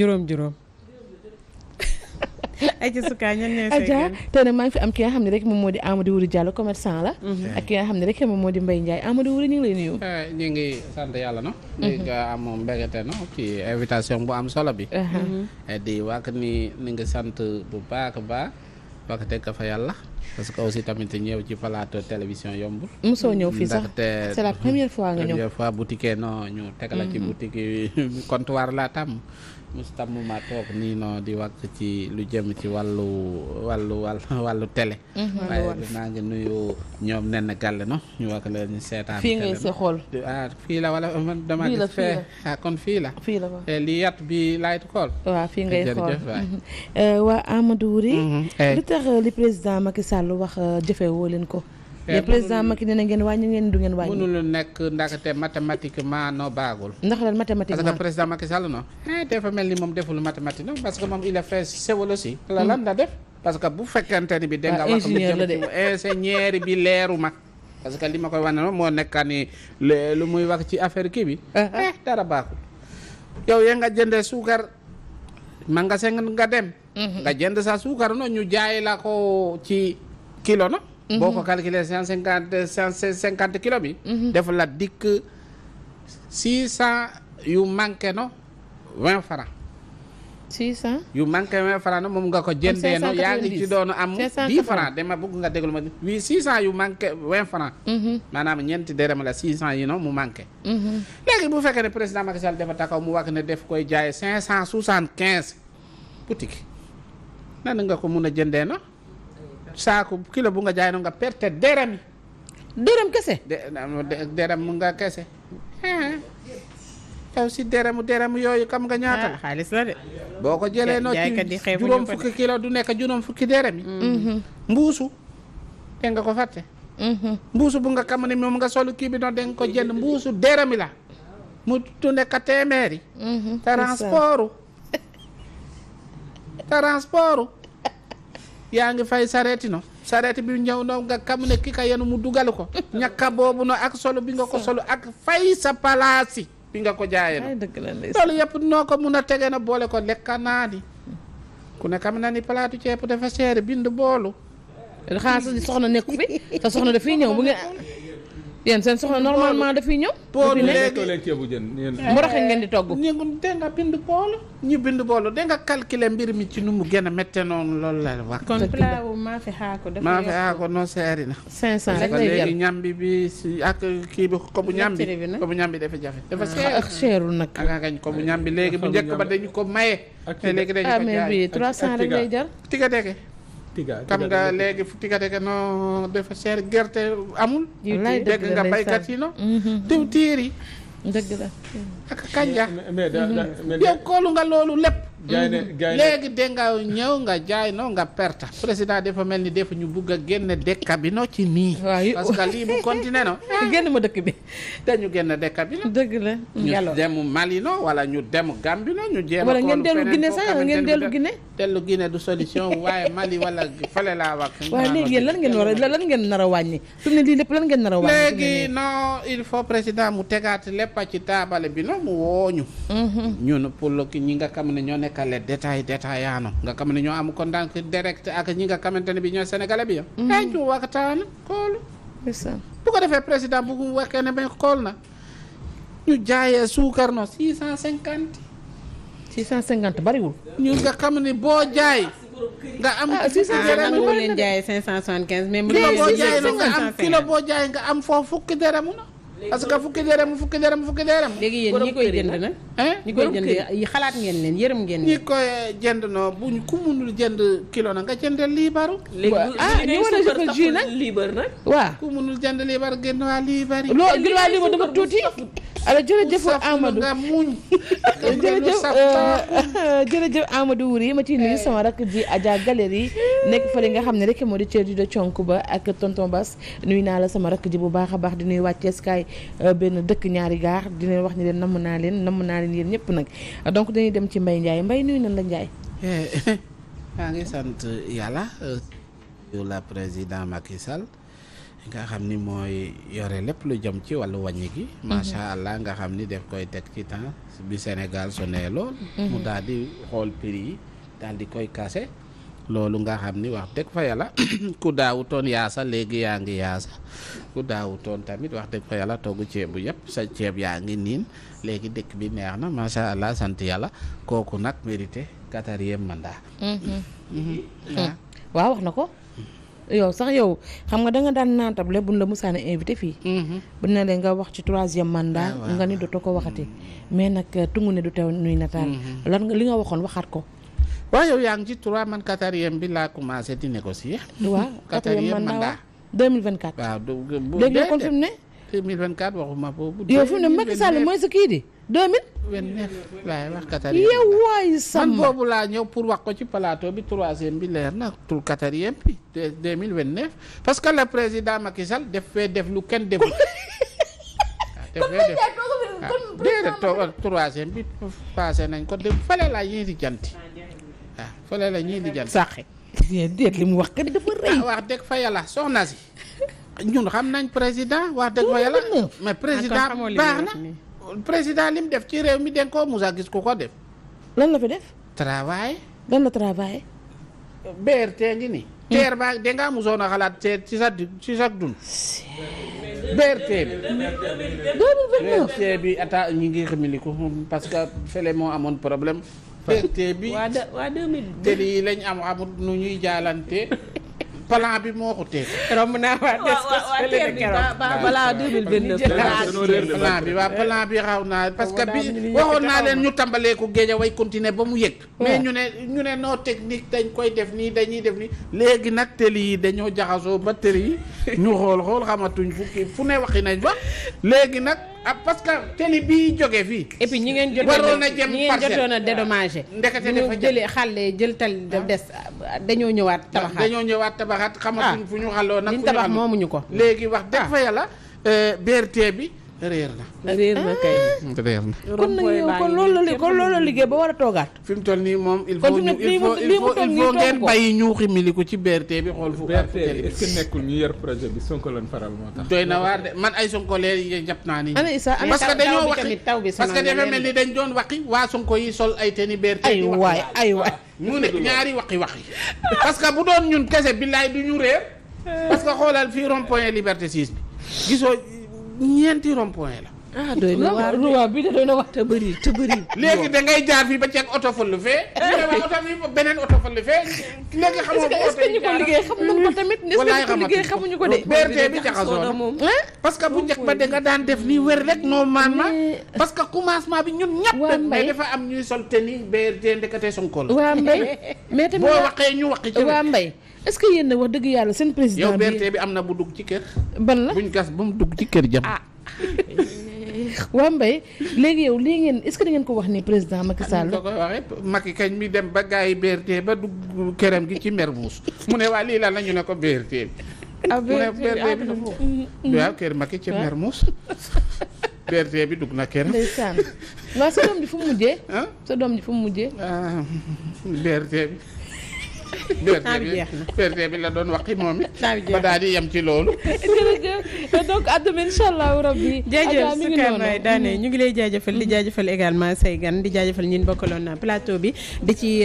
juróom-juróom. Aïcha Souka ñan ñooy Adja tey nag maa ngi fi am ki nga xam ne rek moom moo di Amadou Wuri Diallo commerçant la. Mhm. ak ki nga xam ne rek moom moo di Mbaye Ndiaye Amadou Wuri ñu ngi lay nuyu. Eh, ñu ngi sant yàlla no mhm. di nga am mbégte no ci invitation bu am solo bi. Uh-huh. Eh, di wax ni ni nga sant bu baax a baax wax dëgg fa yàlla. parce que aussi tamit ñëw ci plateau télévision yomb. mosoo ñëw fii sax ndaxte c'est la première fois nga ñëw. fois boutique non ñu teg la ci mm-hmm. boutique comptoir laa tàmm. mos tàmm maa toog nii non di wax ci lu jëm ci wàllu wàllu wàllu télé. Mm-hmm. waaye maa ngi nuyu ñoom nen gàll no ñu wax leen seetaan. fii ngay sa xool ah fii la wala man dama gis fee ah kon fii la. fii la waaw eh, li yat bi fii ngay xool eh, waa Amadou lu mm-hmm. eh. tax euh, li président Macky Sall wax euh, jëfe woo leen ko. Eh, mais président Macky nee na ngeen wàññi ngeen du ngeen wàññi. mënul nekk ndaxte mathématiquement noo baagul. ndax lan mathématiquement parce que président Macky Sall non. Eh, dafa a hmm. la def parce que bu fekkente ni bi. dégg nga ah, wax ingénieur bi leeru ma. parce que li ma koy wax noonu moo nekka ni lu muy wax ci affaire bi. Ah, ah. Eh, dara baaxul. yow yaa nga jëndee suukar magasin nga dem. Hmm. nga jënd sa suukar noonu ñu jaay la ko ci. kilo la. Mhm. boo ko calculer cent cinquante cent cinquante kilo bi. Mhm. dafa la dikk six cent yu manqué no vingt franc. six yu manqué vingt franc no moom nga ko jëndee no yaa ngi ci doon am. dix franc dama bëgg nga déglu ma oui six cent yu manqué vingt franc. Mhm. maanaam ñeenti dërëm la six cent yi no mu manqué. léegi bu fekkee ne président Macky Sall dafa mu wax ne def koy jaay cinq cent soixante quinze boutique nan nga ko mun a jëndee no saaku kilo bu nga jaay noonu nga perte dërëm yi kese dërëm mu nga kese yow eh, si dërëmu dërëm yooyu xam nga ñaata ah, boo ko jëlee noo ci juróom fukki kilo du nekk juróom fukki dërëm mm-hmm. yi mbuusu dégg nga ko fàtte mm-hmm. mbuusu bu nga xam ne moom nga solu kii bi noonu dégg nga ko jënd mbuusu dërëm la mu du nekk téeméeri mm-hmm. transportu transportu yaa ngi fay sareeti no sareeti bi ñëw no nga kam ne ki ka yenu mu dugal ko ñakka boobu no ak solo bi nga ko solo ak fay sa palaasi bi nga ko jaayee no loolu yëpp noo ko mun a tege na boole ko lekka naani ku ne xam na ni palaatu ceeb dafa seer bind boolu xaalis soxna nekku fi te soxna dafay ñëw bu ngeen yéen seen soxna normalement dafiy ñëw. pool léegi ngeen di togg. ñu dégg nga bind boolu. ñu bind boolu dégg nga mbir mi ci nu mu gën a méttee noonu loolu la wax. kon plat wu maa fi xaako. dafa maa fi xaako non seeri na. 500 rek lay jël ñambi bi ak kii bi xobu ñambi. xobu ñambi dafa jafe. dafa ah, seer ak seerul nag. ak kañ xobu ñambi léegi bu njëkk ba dañu ko maye. ak léegi dañu ko jaay ah mais bi tiga xam nga léegi tiga dega no dafa seer gerte amul dégg nga baykat yi no mhm. diw tiir yi ak kanja mhm. yow koolu nga loolu lépp jaay ne jaay mhm. léegi danga ñëw nga jaay no nga perte président dafa mel ni def ñu bugg a génn dëkk bi no ci nii. parce que lii bu continué no. génn ma dëkk bi. dañu génn dëkk bi no. dëgg la ñu dem Mali no wala ñu dem Gambie no ñu jéem a. wala ngeen dellu Guinée sax ngeen dellu Guinée. dellu Guinée du solution waaye Mali wala fële laa wax. waaw léegi yéen lan ngeen war a lan ngeen nar a wàññi fi mu ne lii lépp lan ngeen nar a wàññi. léegi non il faut président mu tegaat lépp ci taabale bi no mu woo ñu. Mhm. ñun pour ñi nga xam ne ñoo nekk sénégalais détail détaillant nga xam ne ñoo am contact direct ak ñi nga xamante ne bi ñooy sénégalais bi ya mm-hmm. ay ñu waxtaan xool bu ko defee président bu mu waxee ne ba xool na ñu jaayee suukar no six cent cinquante six cent cinquante bariwul ñu nga xam ne boo jaay nga am ah, six cent ah, dërëm mu leen jaayee cinq cent soixante quinze mais mu boo jaay am kilo boo jaay foofu fukki dërëmu na parce que fukki dërëm fukki dërëm fukki dërëm léegi yéen ñi koy jënd nag ni koy jënd yi xalaat ngeen leen yërëm ngeen ñi koy jënd ku munul jënd kilo na nga jënd liibaru ah ñu war a jëfal jus nag liibar nag waaw ku munul jënd liibar génn waa liibar yi loo gën waa liibar dafa tuuti alors jërëjëf Amadou jërëjëf euh, Wuri ma ciy nuyu sama rakk ji Adja Galerie nekk fa li nga xam ne rek moo di cër de conk ba ak tonton Bass nuyu naa la sama rakk ji bu baax a baax di nuyu wàcceeskaay euh, benn dëkk ñaari gaar di leen wax ni leen namm naa leen namm naa leen leen yéen nag donc dañuy dem ci Mbaye Ndiaye mbay nuyu nañ la Ndiaye. Eh, maa ngi sant yàlla yow euh, la président Macky Sall nga xam ni mooy yore lépp lu jëm ci wàllu wàññi gi. Mhm. macha allah nga xam ni def koy teg ci temps bi Sénégal sonné lool. Mhm. mu daal xool prix yi daal koy kase loolu nga xam ni wax dëgg fa yàlla ku daawutoon yaasa léegi yaa ngi yaasa ku daawutoon tamit wax dëgg fa yàlla togg ceebu yëpp sa ceeb yaa ngi niin léegi dëkk bi neex na macha allah sant yàlla kooku nag mérité quatrième mandat. Mhm. Mhm. Hmm. Ah. waaw wax na ko. yow sax yow xam nga da nga daan naan table buñ la musaana invité fii. Mhm. buñ ne la nga wax ci troisième mandat. Ah, nga ni dootoo ko waxati. mais nag tungu ne du teew nuy nataal. li nga waxoon waxaat ko. waa yow yaa ngi ci trois man quatrième bi laa commencé di négocier. waaw quatrième mandat 2024. waaw bu dee léegi kon fi mu ne. 2024 waxuma boobu. yow fi ne Macky mooy sa kii di 2000. 29 waaye wax quatrième yow waay sama boobu laa ñëw pour wax ko ci plateau bi troisième bi leer na tur quatrième bi 2029 parce que le président Macky Sall def fee lu kenn deful. te ah, fee ah, nañ ko de fële laa yéen waa ah, fële la ñuy lijjal sàqe déet li mu wax kat dafa rëy ah, wax dëgg fa yàlla soxna si ñun xam nañ président wax dëgg fa yàlla mais président ah, baax na président li mu def ci réew mi den koo musa gis ku ko def lan la fi def travail lan la ngi nii hmm. teer baa dangaa musoon a xalaat teer ci sa ci sa dund BRT bi bi ata ñi ngi xamiliku parce que fële moo amoon problème bi waa waa lañ am amut nu ñuy jaalante plan bi moo ko teg. romb naa waa bi waa plan bi xaw naa parce que bi waxoon naa leen ñu tàmbalee ko géej way continuer ba mu yëg. mais ñu ne ñu ne non technique dañ koy def nii dañuy def nii léegi nag tëli yi dañoo jaxasoo ba tëli yi ñu xool xool xamatuñ fu ne waxi nañ ba léegi nag. ah parce que télé bii jógee fii. et puis ñi ngeen jotoon waroon na jëm ñi ngeen jotoon a dédommagé. ndekete dafa jëlee xàlle jël tali ah. des dañoo ñëwaat. Ah, tabaxaat dañoo ñëwaat tabaxaat. xamatuñ ah. fu ñu xàlloo nag. fu ñu tabax moomuñu ko. léegi wax dëgg fa yàlla euh, bi. réer na réer na kay. Ah. réer na kon nag yow kon loolu la kon loolu la liggéey ba war a toogaat. fi mu toll nii moom il faut il faut il faut ngeen bàyyi ñuuxi mili ko ci BRT bi xool fu. BRT bi est-ce que nekkul ñu yor projet bi Sonko lañ faral moo tax. doy na waar de man ay Sonko leen jàpp naa ni. ana Issa parce que dañoo waxi parce que dafa mel ni dañ doon waxi waa Sonko yi sol ay teni BRT. ay waay ay waay mu ne ñaari waxi waxi. parce que bu doon ñun kese billaay du ñu réer. parce que xoolal fii rond point liberté 6 bi gisoo ñeenti rond-point la ah doy na waar ruwa te bëri te bëri. léegi da ngay jaar fii ba ceeb oto fël fee. beneen oto fël fee. léegi xamoo ko xam nañ ko tamit. walaay xamatuñu ko de. BRT bi jaxasoo na moom parce que bu njëkk ba da nga daan def nii wér rek normalement. parce que commencement bi ñun ñëpp. waaw mais dafa am ñuy sol te ni BRT ndekete Sonko la. waaw mbay mais tamit boo waxee ñu wax ci waaw mbay. est-ce que yéen wax dëgg yàlla seen président bi yow BRT bi am na bu dugg ci kër. ban la buñ gas ba mu dugg ci kër jam ah. waa mbay léegi yow lii ngeen est-ce ngeen ko wax ni président Macky Sall. ko waxee Macky kañ mi dem ba gars yi BRT ba dugg këram gi ci Mermoz mu ne waa lii la ñu ne ko BRT bi. ah BRT bi mm-hmm. waaw kër Macky ca Mermoz. BRT bi dugg na këram. ndeysaan waaw sa doom ji fu mu mujjee. sa doom ji fu mu mujjee. Ah, BRT bi. berté bi la doon waxi moom it ba daal di yem ci loolu jërëjëf donc àdduma incha allahu rabbi jaajëf su kay daane ñu ngi lay jaajëfal di jaajëfal également say gan di jaajëfal ñin bokkaloon na plateau bi di ci